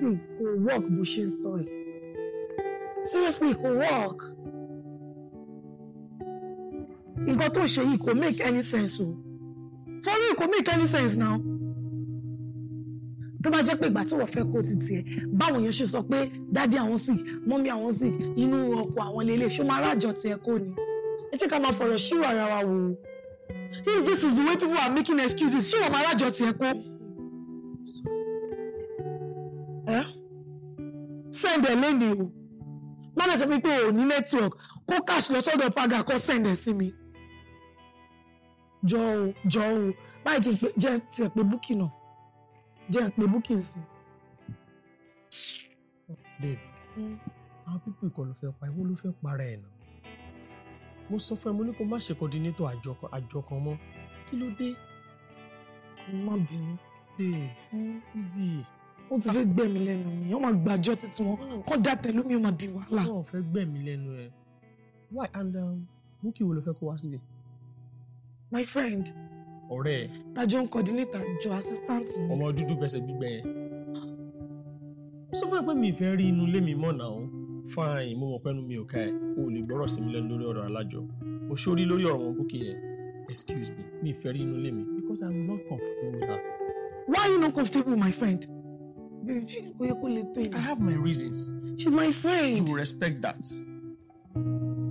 Seriously, kò work bó ṣe ń sọ ẹ̀ seriously kò work nǹkan tó ṣe yìí kò make any sense o for real kò make any sense now tó bá jẹ́ pé ìgbà tí wọ́n fẹ́ kó ti tiẹ̀ báwọn èèyàn ṣe sọ pé dádì àwọn sick mọ́mí àwọn sick inú ọkọ̀ àwọn lélẹ̀ ṣó máa rájọ tiẹ̀ kó ni ẹ jẹ́ ká máa fọ̀rọ̀ ṣírò ara wa wò if this is the way people are making excuses ṣé wọ́n máa rájọ tiẹ̀ kó. send ẹ̀ lẹ́nu o má lọ sọ fún mi pé o network kó cash lọ sọ́dọ̀ paga kó send ẹ̀ sí mi jọ o jọ o báyìí kì í pé jẹ́ tiẹ̀ pé búkì náà jẹ́ pé búkì ń sìn. babe àwọn pípọ̀ ìkọ̀ ló fẹ́ pa ìwọ ló fẹ́ para ẹ̀ náà mo sọ fún ẹ mo ní kó má ṣe kọ́dínétọ̀ àjọ kan mọ́ kí ló dé. má bínú. babe hmm. easy wọ́n ti fẹ́ gbẹ̀mí lẹ́nu mi wọ́n máa gbàjọ́ títí wọn kọ́ dá tẹ̀lú mi máa di wàhálà. wọn ò fẹ́ gbẹ̀mí lẹ́nu ẹ̀ why and búkì um, wo ló fẹ́ kó wá síbẹ̀. my friend. ọ̀rẹ́ ẹ̀. tajọ ń kọ́dínétà jọ assistant mi. ọmọ dúdú gbẹ̀sẹ̀ gbígbẹ yẹn. sọ fún ẹ pé mi ì fẹ́ rí inú ilé mi mọ́ náà fine mo mọ̀ pẹ́nu mi ò ká ẹ̀ o ò lè gbọ́rọ̀ sí mi lẹ́nu lórí ọ̀rọ̀ alájọ o ṣórí lórí ọ̀rọ̀ wọn búkì yẹn excuse me mi ì fẹ́ rí inú ilé mi because i'm not comfortable with her. why you no comfortable my friend. I have my reasons. She's my friend. You respect that.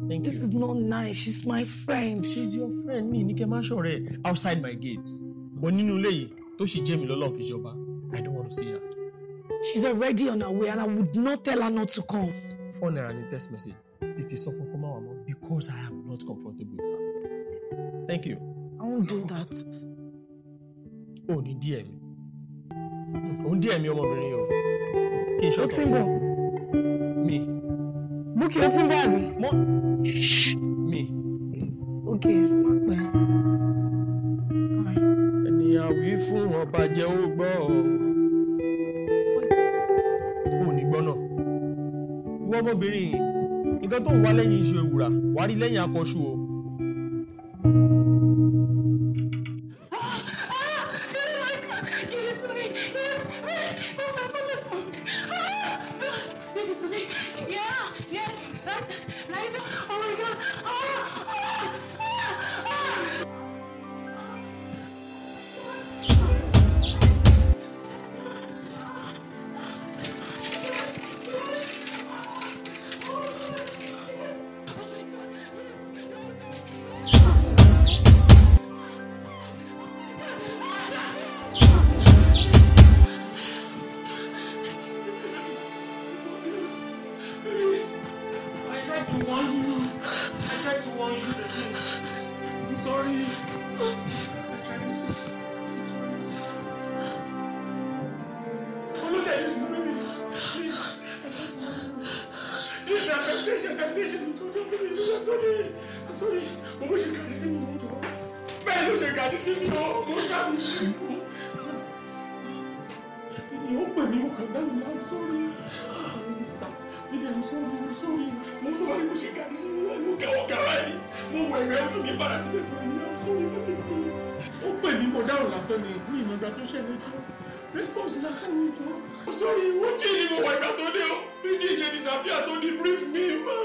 Thank this you. is not nice. She's my friend. She's your friend. Me, Nike Mashore, eh, outside my gates. But Ninu Lei, she Jemi Lolo Fijoba, I don't want to see her. She's already on her way and I would not tell her not to come. Phone her and a text message. Titi suffer come out because I am not comfortable with her. Thank you. I won't do that. Oh, the DM. òun díẹ̀ mi ọmọbìnrin o kí n ṣọ́tọ̀. ó ti ń bọ̀. mi. ti ń bọ̀ àbí. mo mi. ok má pẹ́. ènìyàn wí fún ọba jẹ́ ó gbọ́ ọ. ò ní gbọ́ náà. ìwọ ọmọbìnrin nǹkan tó ń wá lẹ́yìn iṣu ewùrà wàá lẹ́yìn akọ̀ṣu o. Yeah, yes, that, to warn you. I tried to warn you. I'm sorry. I tried to. Almost at this moment. Please. This is a temptation, temptation. I'm sorry. I'm sorry. But we should carry this thing to Man, we should carry this thing to Most of these people. You open me, you can I'm sorry. I'm sorry. bíbí àmì sọ́ọ̀rì àmì sọ́ọ̀rì mo tó bá rí bó ṣe káàdì sí mi lẹ́nu kẹwọ́ kàrá ẹ̀ mo wọ ẹ̀rẹ́ ojú mi padà sílẹ̀ fún mi àmì sọ́ọ̀rì bíbí please. ó pè mí mo dáhùn lásán ni mi ìmọ̀ ìgbà tó ṣẹlẹ̀ jọ response lásán ni jọ. sọ́ọ̀rì wọ́ọ̀jì ni mo wọ ìgbà tó dé o méjì ṣe disappear tó di brief mi mọ́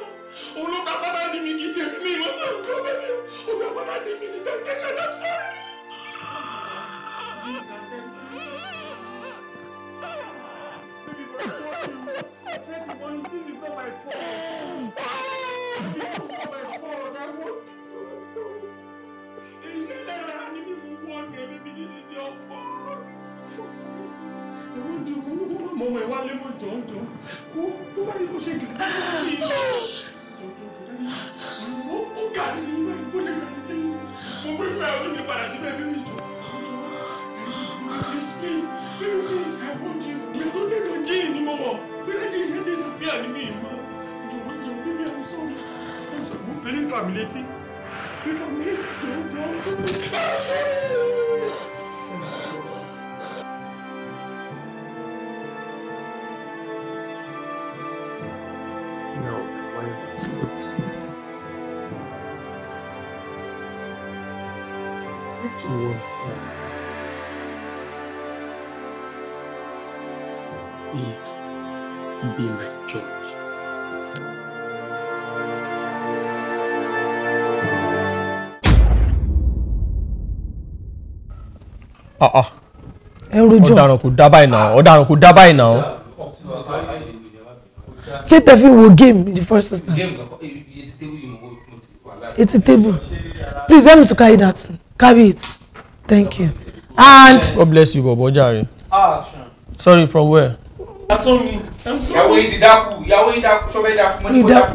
òun ló gba pátá ní mi kì í ṣe mí mọ́ náà nǹkan bẹ́ẹ̀ ó gba pátá ní mi ní dedication I'm sorry. Ah, lè mọ jọ̀ọ́ jọ̀ọ́ kó tó bá rí bó ṣe kà á sí i jọ̀ọ́ jọ̀ọ́ bẹ̀rẹ̀ mi ó ó kà á sí inú ẹ̀ bó ṣe kà á sí inú mo bí mi àwọn oníbi padà síbẹ̀ bí mi jọ̀ọ́ jọ̀ọ́ please please baby please I want you mi tó dé lọ jí Please, please, please. bẹ́ẹ̀ ni ẹ̀ disappear ni mi mọ̀ jọ̀ọ́ jọ̀ọ́ baby I'm sorry I'm sorry mo fẹ́ ní fàmílétí fífàmílétí jọ̀ọ́ jọ̀ọ́. Ritual. Please be my judge. ọ̀daràn kò dá báyìí náà ọ̀daràn kò dá báyìí náà kí tẹ fi wo game in the first instance. Eh, it's a table please help me to carry that carry it thank you and. God bless you bobo jare. Ah, sorry from where. asomi yàwó yìí ti dákú yàwó yìí dákú sọfẹ dákú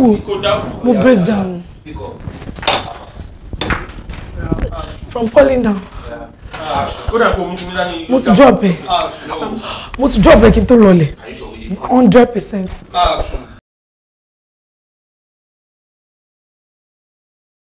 mo ní kó dákú mo break down. from falling down. Ah, mo ti drop ẹ ah, mo ti drop ẹ kí n tó lọlẹ̀ hundred percent.